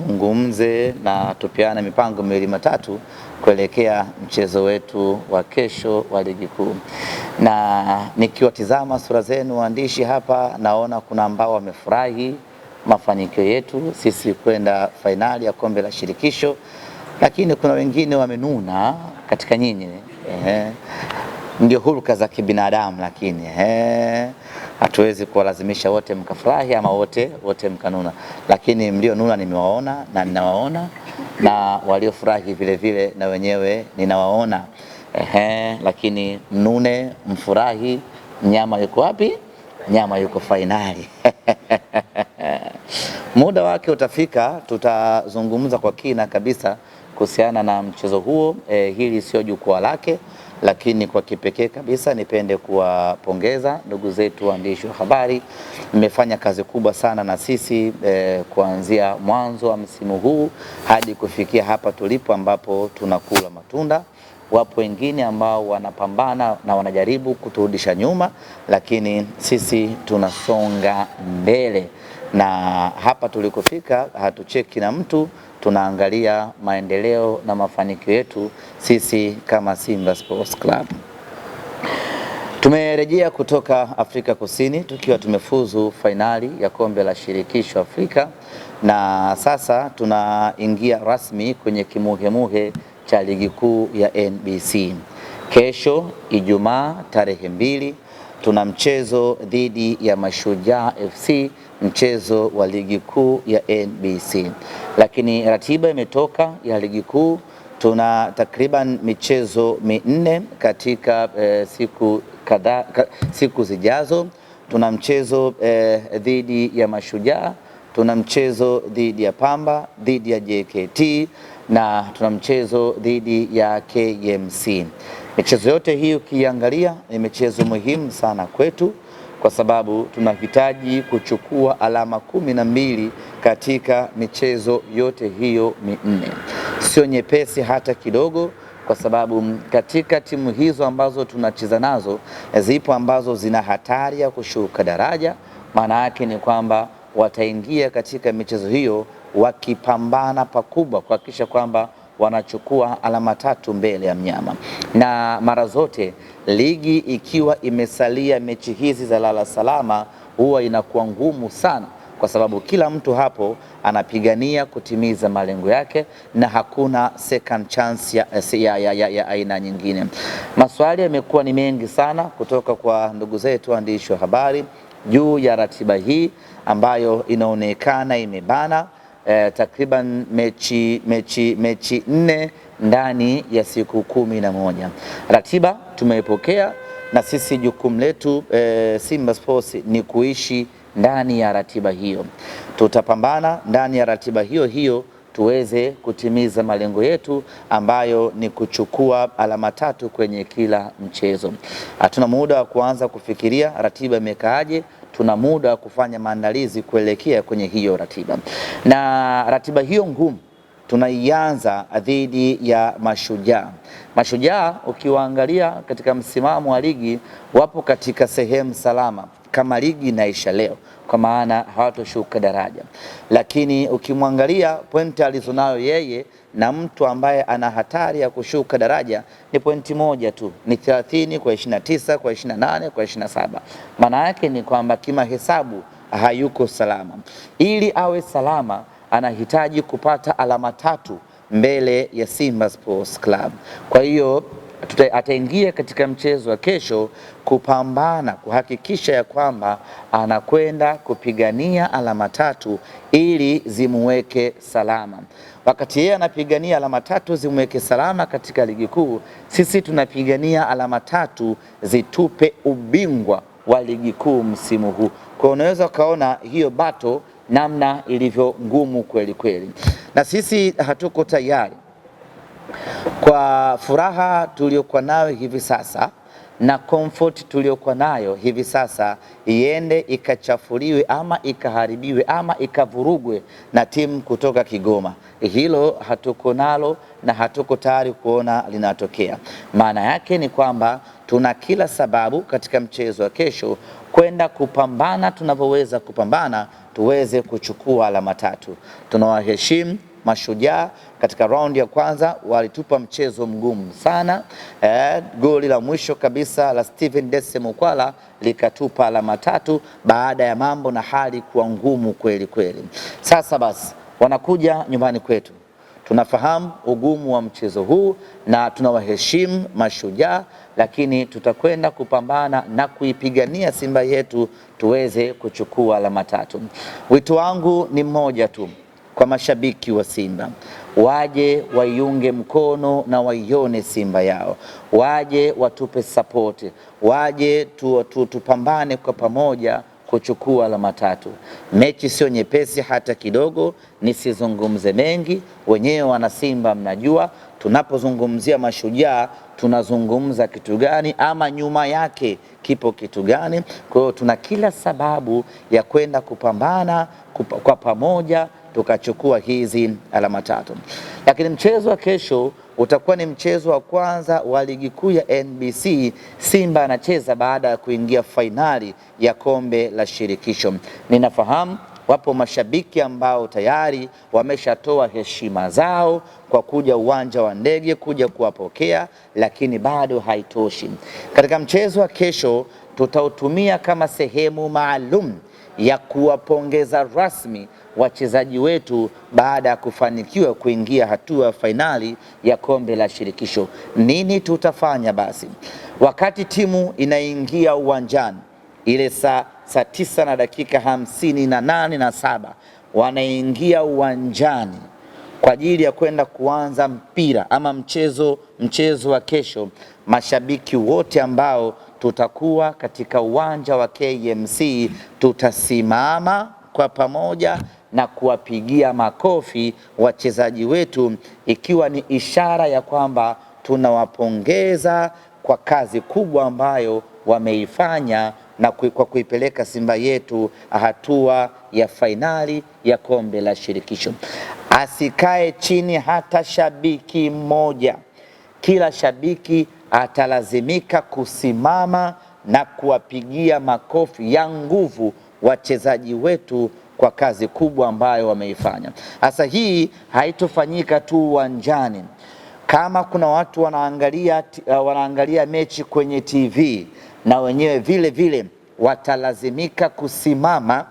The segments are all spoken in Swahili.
tuzungumze na tupeane mipango miwili matatu kuelekea mchezo wetu wa kesho wa ligi kuu. Na nikiwatizama sura zenu waandishi hapa, naona kuna ambao wamefurahi mafanikio yetu sisi kwenda fainali ya kombe la shirikisho, lakini kuna wengine wamenuna katika nyinyi, eh, ndio huruka za kibinadamu, lakini ehe hatuwezi kuwalazimisha wote mkafurahi ama wote wote mkanuna, lakini mlionuna nimewaona na ninawaona na waliofurahi vile vile na wenyewe ninawaona. Ehe, lakini mnune mfurahi. Mnyama yuko wapi? Nyama yuko fainali. Muda wake utafika, tutazungumza kwa kina kabisa kuhusiana na mchezo huo. E, hili sio jukwaa lake lakini kwa kipekee kabisa nipende kuwapongeza ndugu zetu waandishi wa habari, mmefanya kazi kubwa sana na sisi eh, kuanzia mwanzo wa msimu huu hadi kufikia hapa tulipo ambapo tunakula matunda. Wapo wengine ambao wanapambana na wanajaribu kuturudisha nyuma, lakini sisi tunasonga mbele na hapa tulikofika hatucheki na mtu, tunaangalia maendeleo na mafanikio yetu sisi kama Simba Sports Club. Tumerejea kutoka Afrika Kusini tukiwa tumefuzu fainali ya kombe la shirikisho Afrika, na sasa tunaingia rasmi kwenye kimuhemuhe cha ligi kuu ya NBC. Kesho Ijumaa tarehe mbili tuna mchezo dhidi ya Mashujaa FC mchezo wa ligi kuu ya NBC, lakini ratiba imetoka ya ligi kuu. Tuna takriban michezo minne katika eh, siku kadhaa, siku zijazo. Tuna mchezo eh, dhidi ya Mashujaa, tuna mchezo dhidi ya Pamba, dhidi ya JKT na tuna mchezo dhidi ya KMC. Michezo yote hii ukiangalia ni michezo muhimu sana kwetu kwa sababu tunahitaji kuchukua alama kumi na mbili katika michezo yote hiyo minne. Sio nyepesi hata kidogo, kwa sababu katika timu hizo ambazo tunacheza nazo zipo ambazo zina hatari ya kushuka daraja. Maana yake ni kwamba wataingia katika michezo hiyo wakipambana pakubwa kuhakikisha kwamba wanachukua alama tatu mbele ya mnyama, na mara zote ligi ikiwa imesalia mechi hizi za lala salama huwa inakuwa ngumu sana kwa sababu kila mtu hapo anapigania kutimiza malengo yake na hakuna second chance ya, ya, ya, ya, ya aina nyingine. Maswali yamekuwa ni mengi sana kutoka kwa ndugu zetu waandishi wa habari juu ya ratiba hii ambayo inaonekana imebana eh, takriban mechi, mechi, mechi nne ndani ya siku kumi na moja. Ratiba tumeipokea na sisi jukumu letu eh, Simba Sports ni kuishi ndani ya ratiba hiyo. Tutapambana ndani ya ratiba hiyo hiyo tuweze kutimiza malengo yetu ambayo ni kuchukua alama tatu kwenye kila mchezo. Hatuna muda wa kuanza kufikiria ratiba imekaaje tuna muda kufanya maandalizi kuelekea kwenye hiyo ratiba, na ratiba hiyo ngumu tunaianza dhidi ya Mashujaa. Mashujaa ukiwaangalia katika msimamo wa ligi wapo katika sehemu salama kama ligi inaisha leo, kwa maana hawatoshuka daraja. Lakini ukimwangalia pointi alizonayo yeye na mtu ambaye ana hatari ya kushuka daraja ni pointi moja tu, ni 30 kwa 29 kwa 28 kwa 27. Maana yake ni kwamba kimahesabu hayuko salama. Ili awe salama, anahitaji kupata alama tatu mbele ya Simba Sports Club. Kwa hiyo ataingia katika mchezo wa kesho kupambana kuhakikisha ya kwamba anakwenda kupigania alama tatu ili zimuweke salama. Wakati yeye anapigania alama tatu zimuweke salama katika ligi kuu, sisi tunapigania alama tatu zitupe ubingwa wa ligi kuu msimu huu. Kwa hiyo unaweza ukaona hiyo bato namna ilivyo ngumu kweli kweli, na sisi hatuko tayari kwa furaha tuliyokuwa nayo hivi sasa na comfort tuliyokuwa nayo hivi sasa iende ikachafuliwe ama ikaharibiwe ama ikavurugwe na timu kutoka Kigoma. Hilo hatuko nalo na hatuko tayari kuona linatokea. Maana yake ni kwamba tuna kila sababu katika mchezo wa kesho kwenda kupambana tunavyoweza kupambana, tuweze kuchukua alama tatu. Tunawaheshimu Mashujaa katika raundi ya kwanza walitupa mchezo mgumu sana eh, goli la mwisho kabisa la Steven Dese Mukwala likatupa alama tatu baada ya mambo na hali kuwa ngumu kweli kweli. Sasa basi wanakuja nyumbani kwetu, tunafahamu ugumu wa mchezo huu na tunawaheshimu Mashujaa, lakini tutakwenda kupambana na kuipigania Simba yetu tuweze kuchukua alama tatu. Wito wangu ni mmoja tu kwa mashabiki wa Simba waje waiunge mkono na waione Simba yao, waje watupe sapoti, waje tu, tu, tupambane kwa pamoja kuchukua alama tatu. Mechi sio nyepesi hata kidogo, nisizungumze mengi, wenyewe wana Simba mnajua tunapozungumzia mashujaa tunazungumza kitu gani, ama nyuma yake kipo kitu gani? Kwa hiyo tuna kila sababu ya kwenda kupambana kupa, kwa pamoja tukachukua hizi alama tatu. Lakini mchezo wa kesho utakuwa ni mchezo wa kwanza wa ligi kuu ya NBC. Simba anacheza baada ya kuingia fainali ya kombe la shirikisho. Ninafahamu wapo mashabiki ambao tayari wameshatoa heshima zao kwa kuja uwanja wa ndege kuja kuwapokea, lakini bado haitoshi. Katika mchezo wa kesho tutautumia kama sehemu maalum ya kuwapongeza rasmi wachezaji wetu baada ya kufanikiwa kuingia hatua fainali ya kombe la shirikisho. Nini tutafanya basi wakati timu inaingia uwanjani ile saa saa tisa na dakika hamsini na nane na saba wanaingia uwanjani kwa ajili ya kwenda kuanza mpira ama mchezo mchezo wa kesho. Mashabiki wote ambao tutakuwa katika uwanja wa KMC tutasimama kwa pamoja na kuwapigia makofi wachezaji wetu, ikiwa ni ishara ya kwamba tunawapongeza kwa kazi kubwa ambayo wameifanya na kwa kuipeleka Simba yetu hatua ya fainali ya kombe la shirikisho. Asikae chini hata shabiki mmoja, kila shabiki atalazimika kusimama na kuwapigia makofi ya nguvu wachezaji wetu kwa kazi kubwa ambayo wameifanya. Sasa hii haitofanyika tu uwanjani. Kama kuna watu wanaangalia, uh, wanaangalia mechi kwenye TV na wenyewe vile vile watalazimika kusimama.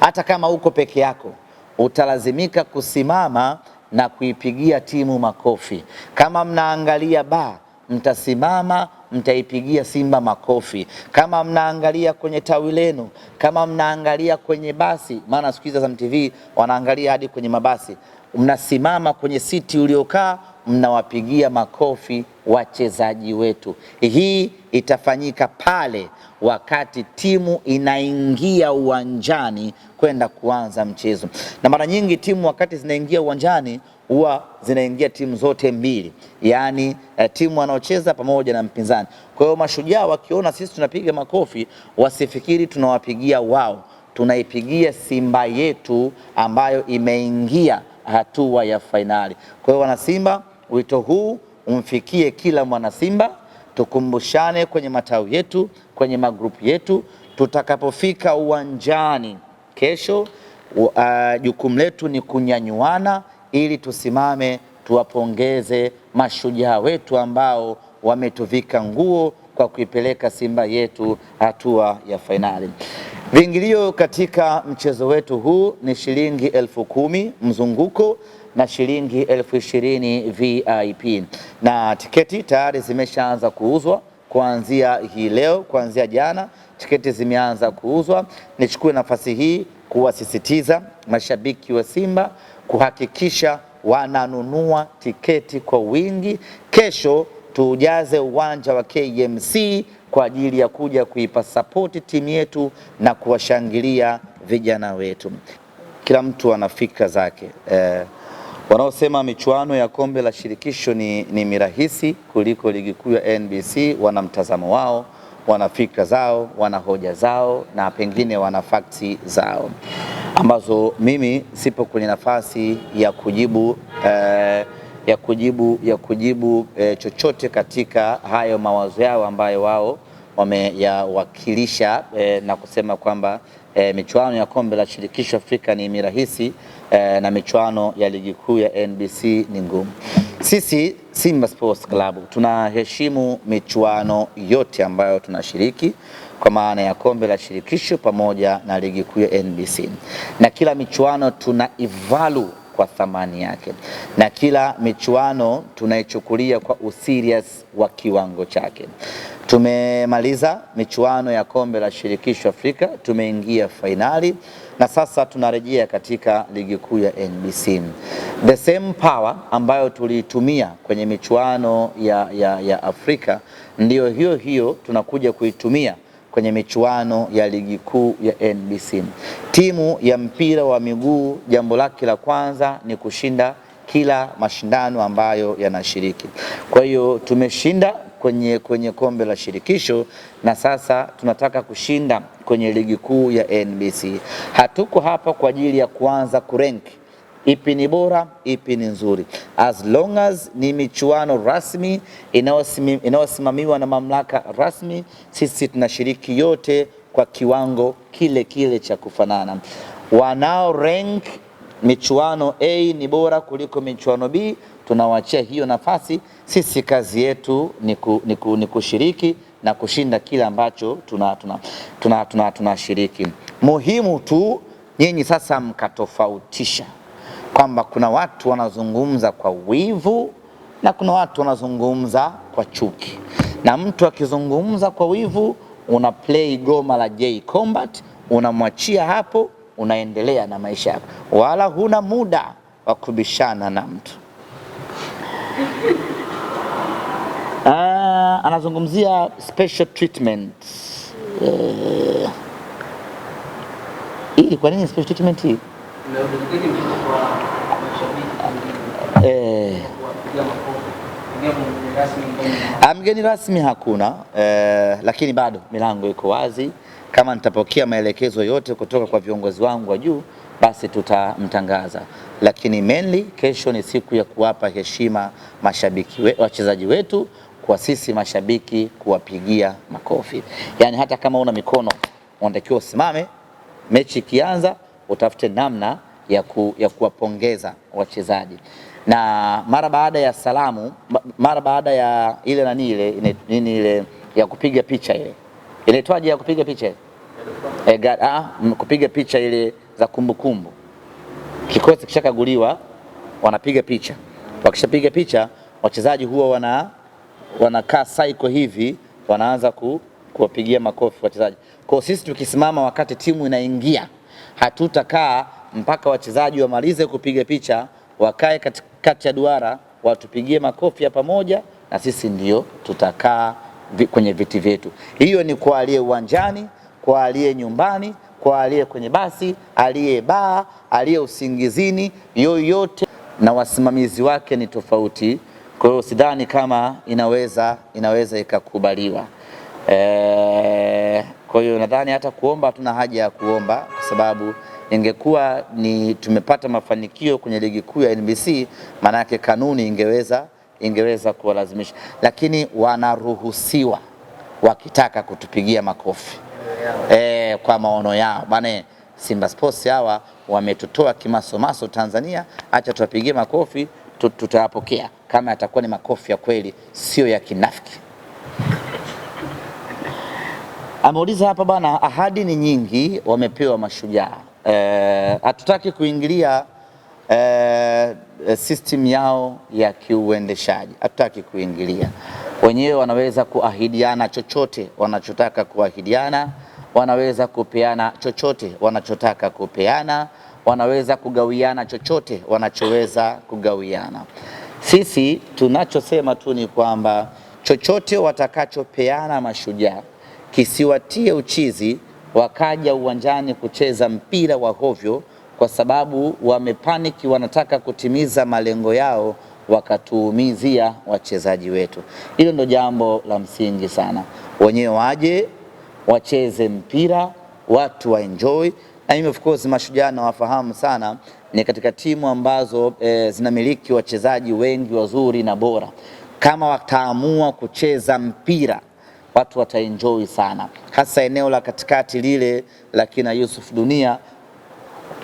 Hata kama uko peke yako, utalazimika kusimama na kuipigia timu makofi. Kama mnaangalia ba, mtasimama mtaipigia Simba makofi. Kama mnaangalia kwenye tawi lenu, kama mnaangalia kwenye basi, maana siku hizi Azam TV wanaangalia hadi kwenye mabasi, mnasimama kwenye siti uliokaa mnawapigia makofi wachezaji wetu. Hii itafanyika pale wakati timu inaingia uwanjani kwenda kuanza mchezo, na mara nyingi timu wakati zinaingia uwanjani huwa zinaingia timu zote mbili, yaani eh, timu wanaocheza pamoja na mpinzani. Kwa hiyo Mashujaa wakiona sisi tunapiga makofi, wasifikiri tunawapigia wao, tunaipigia Simba yetu ambayo imeingia hatua ya fainali. Kwa hiyo wanasimba, wito huu umfikie kila mwanasimba, tukumbushane kwenye matawi yetu, kwenye magrupu yetu, tutakapofika uwanjani kesho, eh, jukumu uh, letu ni kunyanyuana ili tusimame tuwapongeze mashujaa wetu ambao wametuvika nguo kwa kuipeleka Simba yetu hatua ya fainali. Viingilio katika mchezo wetu huu ni shilingi elfu kumi mzunguko na shilingi elfu ishirini VIP, na tiketi tayari zimeshaanza kuuzwa kuanzia hii leo, kuanzia jana tiketi zimeanza kuuzwa. Nichukue nafasi hii kuwasisitiza mashabiki wa Simba kuhakikisha wananunua tiketi kwa wingi. Kesho tujaze uwanja wa KMC kwa ajili ya kuja kuipa sapoti timu yetu na kuwashangilia vijana wetu. Kila mtu ana fikra zake eh, wanaosema michuano ya kombe la shirikisho ni, ni mirahisi kuliko ligi kuu ya NBC wana mtazamo wao wana fikra zao, wana hoja zao na pengine wana fakti zao ambazo mimi sipo kwenye nafasi ya kujibu eh, ya kujibu, ya kujibu eh, chochote katika hayo mawazo yao ambayo wao wameyawakilisha eh, na kusema kwamba eh, michuano ya kombe la shirikisho Afrika ni mirahisi eh, na michuano ya ligi kuu ya NBC ni ngumu. Sisi Simba Sports Club tunaheshimu michuano yote ambayo tunashiriki kwa maana ya kombe la shirikisho pamoja na ligi kuu ya NBC, na kila michuano tuna ivalu kwa thamani yake, na kila michuano tunaichukulia kwa userious wa kiwango chake. Tumemaliza michuano ya kombe la shirikisho Afrika, tumeingia fainali na sasa tunarejea katika ligi kuu ya NBC. The same power ambayo tuliitumia kwenye michuano ya, ya, ya Afrika ndiyo hiyo hiyo tunakuja kuitumia kwenye michuano ya ligi kuu ya NBC. Timu ya mpira wa miguu jambo lake la kwanza ni kushinda kila mashindano ambayo yanashiriki. Kwa hiyo tumeshinda kwenye, kwenye kombe la shirikisho na sasa tunataka kushinda kwenye ligi kuu ya NBC. Hatuko hapa kwa ajili ya kuanza kurank ipi ni bora, ipi ni nzuri, as long as ni michuano rasmi inayosimamiwa na mamlaka rasmi. Sisi tunashiriki yote kwa kiwango kile kile cha kufanana. Wanao rank michuano A ni bora kuliko michuano B, tunawachia hiyo nafasi. Sisi kazi yetu ni, ku, ni, ku, ni kushiriki na kushinda kile ambacho tunashiriki tuna, tuna, tuna, tuna muhimu tu nyinyi sasa mkatofautisha kwamba kuna watu wanazungumza kwa wivu na kuna watu wanazungumza kwa chuki, na mtu akizungumza kwa wivu una play goma la J Combat, unamwachia hapo unaendelea na maisha yako, wala huna muda wa kubishana na mtu. Ah, anazungumzia special treatment eh, ili kwa nini special treatment hii? Eh, mgeni rasmi hakuna eh, lakini bado milango iko wazi. Kama nitapokea maelekezo yote kutoka kwa viongozi wangu wa juu, basi tutamtangaza, lakini mainly kesho ni siku ya kuwapa heshima mashabiki we, wachezaji wetu, kwa sisi mashabiki kuwapigia makofi. Yaani hata kama una mikono unatakiwa usimame, mechi ikianza utafute namna ya, ku, ya kuwapongeza wachezaji na mara baada ya salamu, mara baada ya ile nani ile nini ile ya kupiga picha ile inaitwaje ya kupiga picha e, kupiga picha ile za kumbukumbu. Kikosi kishakaguliwa wanapiga picha, wakishapiga picha wachezaji huwa wana wanakaa saiko hivi, wanaanza ku, kuwapigia makofi wachezaji. Kwa sisi tukisimama wakati timu inaingia, hatutakaa mpaka wachezaji wamalize kupiga picha, wakae katikati ya duara, watupigie makofi ya pamoja, na sisi ndio tutakaa kwenye viti vyetu. Hiyo ni kwa aliye uwanjani, kwa aliye nyumbani, kwa aliye kwenye basi, aliye baa, aliye usingizini, yoyote na wasimamizi wake ni tofauti. Kwa hiyo sidhani kama inaweza inaweza ikakubaliwa. E, kwa hiyo nadhani hata kuomba hatuna haja ya kuomba kwa sababu ingekuwa ni tumepata mafanikio kwenye ligi kuu ya NBC, maanake kanuni ingeweza ingeweza kuwalazimisha, lakini wanaruhusiwa wakitaka kutupigia makofi e, kwa maono yao maana Simba Sports hawa wametutoa kimasomaso Tanzania, acha tuwapigie makofi, tutawapokea kama yatakuwa ni makofi ya kweli, sio ya kinafiki. Ameuliza hapa bwana, ahadi ni nyingi wamepewa mashujaa. Eh, hatutaki e, kuingilia eh, system yao ya kiuendeshaji, hatutaki kuingilia. Wenyewe wanaweza kuahidiana chochote wanachotaka kuahidiana, wanaweza kupeana chochote wanachotaka kupeana, wanaweza kugawiana chochote wanachoweza kugawiana. Sisi tunachosema tu ni kwamba chochote watakachopeana mashujaa kisiwatie uchizi, wakaja uwanjani kucheza mpira wa hovyo kwa sababu wamepaniki, wanataka kutimiza malengo yao wakatuumizia wachezaji wetu. Hilo ndo jambo la msingi sana, wenyewe waje wacheze mpira, watu waenjoy. Na mimi of course Mashujaa nawafahamu sana, ni katika timu ambazo e, zinamiliki wachezaji wengi wazuri na bora. Kama wataamua kucheza mpira watu wataenjoy sana, hasa eneo la katikati lile la kina Yusuf Dunia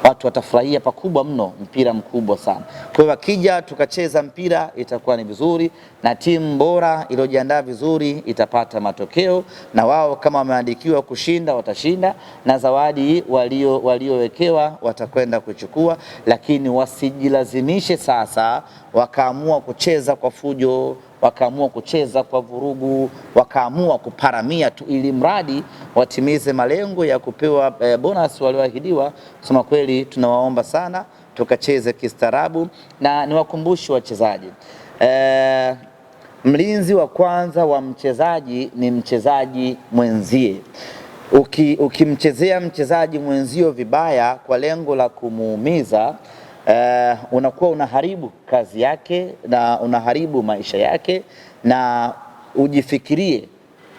watu watafurahia pakubwa mno mpira mkubwa sana. Kwa hiyo wakija tukacheza mpira itakuwa ni vizuri, na timu bora iliyojiandaa vizuri itapata matokeo, na wao kama wameandikiwa kushinda watashinda, na zawadi waliowekewa watakwenda kuchukua, lakini wasijilazimishe sasa wakaamua kucheza kwa fujo wakaamua kucheza kwa vurugu, wakaamua kuparamia tu, ili mradi watimize malengo ya kupewa eh, bonus walioahidiwa. Kusema kweli, tunawaomba sana tukacheze kistaarabu, na niwakumbushe wachezaji eh, mlinzi wa kwanza wa mchezaji ni mchezaji mwenzie. Ukimchezea uki mchezaji mwenzio vibaya kwa lengo la kumuumiza uh, unakuwa unaharibu kazi yake na unaharibu maisha yake, na ujifikirie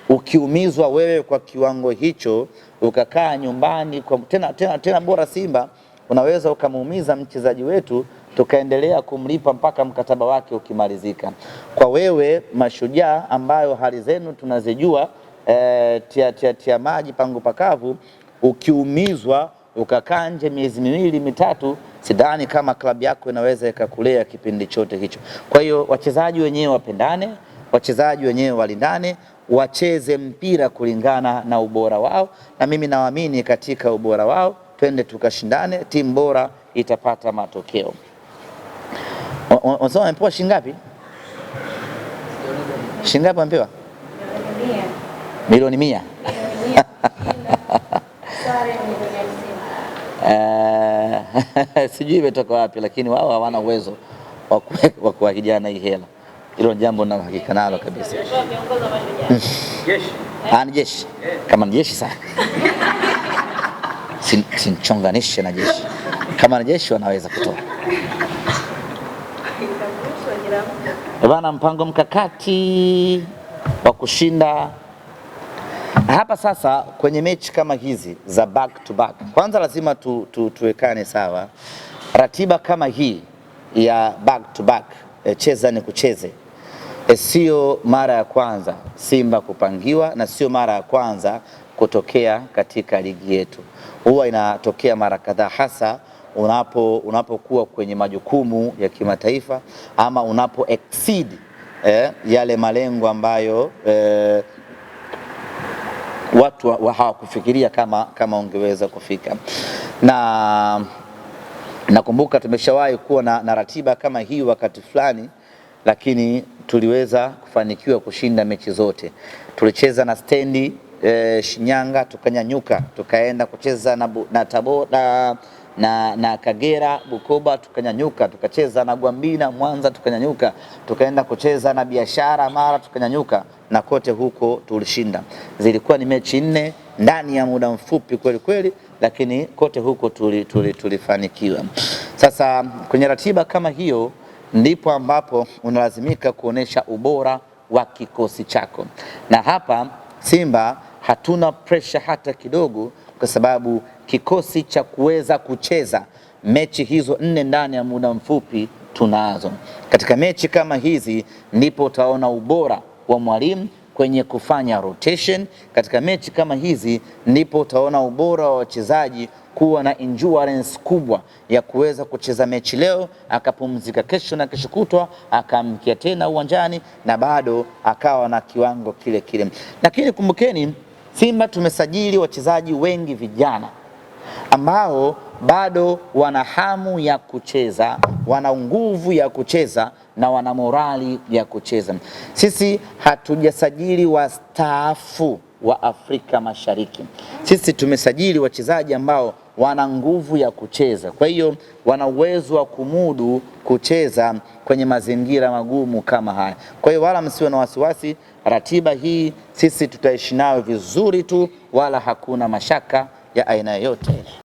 ukiumizwa wewe kwa kiwango hicho ukakaa nyumbani kwa, tena, tena, tena bora Simba unaweza ukamuumiza mchezaji wetu tukaendelea kumlipa mpaka mkataba wake ukimalizika. Kwa wewe Mashujaa ambayo hali zenu tunazijua, e, tia, tia, tia maji pangu pakavu, ukiumizwa ukakaa nje miezi miwili mitatu sidhani kama klabu yako inaweza ikakulea kipindi chote hicho. Kwa hiyo wachezaji wenyewe wapendane, wachezaji wenyewe walindane, wacheze mpira kulingana na ubora wao, na mimi nawaamini katika ubora wao. Twende tukashindane, timu bora itapata matokeo. Unasema amepewa shilingi ngapi? Shilingi ngapi wamepewa? Milioni mia. sijui imetoka wapi, lakini wao hawana uwezo wa kuwa kijana hii hela. Hilo jambo na hakika nalo kabisa. Ah, ni jeshi kama ni jeshi sana sinchonganishe na jeshi, kama ni jeshi wanaweza kutoa bana mpango mkakati wa kushinda hapa sasa kwenye mechi kama hizi za back to back, kwanza lazima tu, tu, tuwekane sawa. Ratiba kama hii ya back to back e, cheza ni kucheze e, sio mara ya kwanza Simba kupangiwa na sio mara ya kwanza kutokea katika ligi yetu. Huwa inatokea mara kadhaa hasa unapo unapokuwa kwenye majukumu ya kimataifa ama unapo exceed eh, yale malengo ambayo eh, watu wa, hawakufikiria kama, kama ungeweza kufika na nakumbuka tumeshawahi kuwa na, na ratiba kama hii wakati fulani, lakini tuliweza kufanikiwa kushinda mechi zote. Tulicheza na stendi e, Shinyanga tukanyanyuka, tukaenda kucheza na, na Tabora na, na Kagera Bukoba tukanyanyuka, tukacheza na Gwambina Mwanza tukanyanyuka, tukaenda kucheza na Biashara Mara tukanyanyuka na kote huko tulishinda. Zilikuwa ni mechi nne ndani ya muda mfupi kweli kweli, lakini kote huko tulifanikiwa. Tuli, tuli sasa kwenye ratiba kama hiyo ndipo ambapo unalazimika kuonesha ubora wa kikosi chako, na hapa Simba hatuna presha hata kidogo, kwa sababu kikosi cha kuweza kucheza mechi hizo nne ndani ya muda mfupi tunazo. Katika mechi kama hizi ndipo utaona ubora wa mwalimu kwenye kufanya rotation katika mechi kama hizi, ndipo utaona ubora wa wachezaji kuwa na endurance kubwa ya kuweza kucheza mechi leo, akapumzika kesho na kesho kutwa, akaamkia tena uwanjani na bado akawa na kiwango kile kile. Lakini kumbukeni, Simba tumesajili wachezaji wengi vijana ambao bado wana hamu ya kucheza, wana nguvu ya kucheza na wana morali ya kucheza. Sisi hatujasajili wastaafu wa Afrika Mashariki. Sisi tumesajili wachezaji ambao wana nguvu ya kucheza, kwa hiyo wana uwezo wa kumudu kucheza kwenye mazingira magumu kama haya. Kwa hiyo wala msiwe na wasiwasi, ratiba hii sisi tutaishi nayo vizuri tu, wala hakuna mashaka ya aina yoyote ile.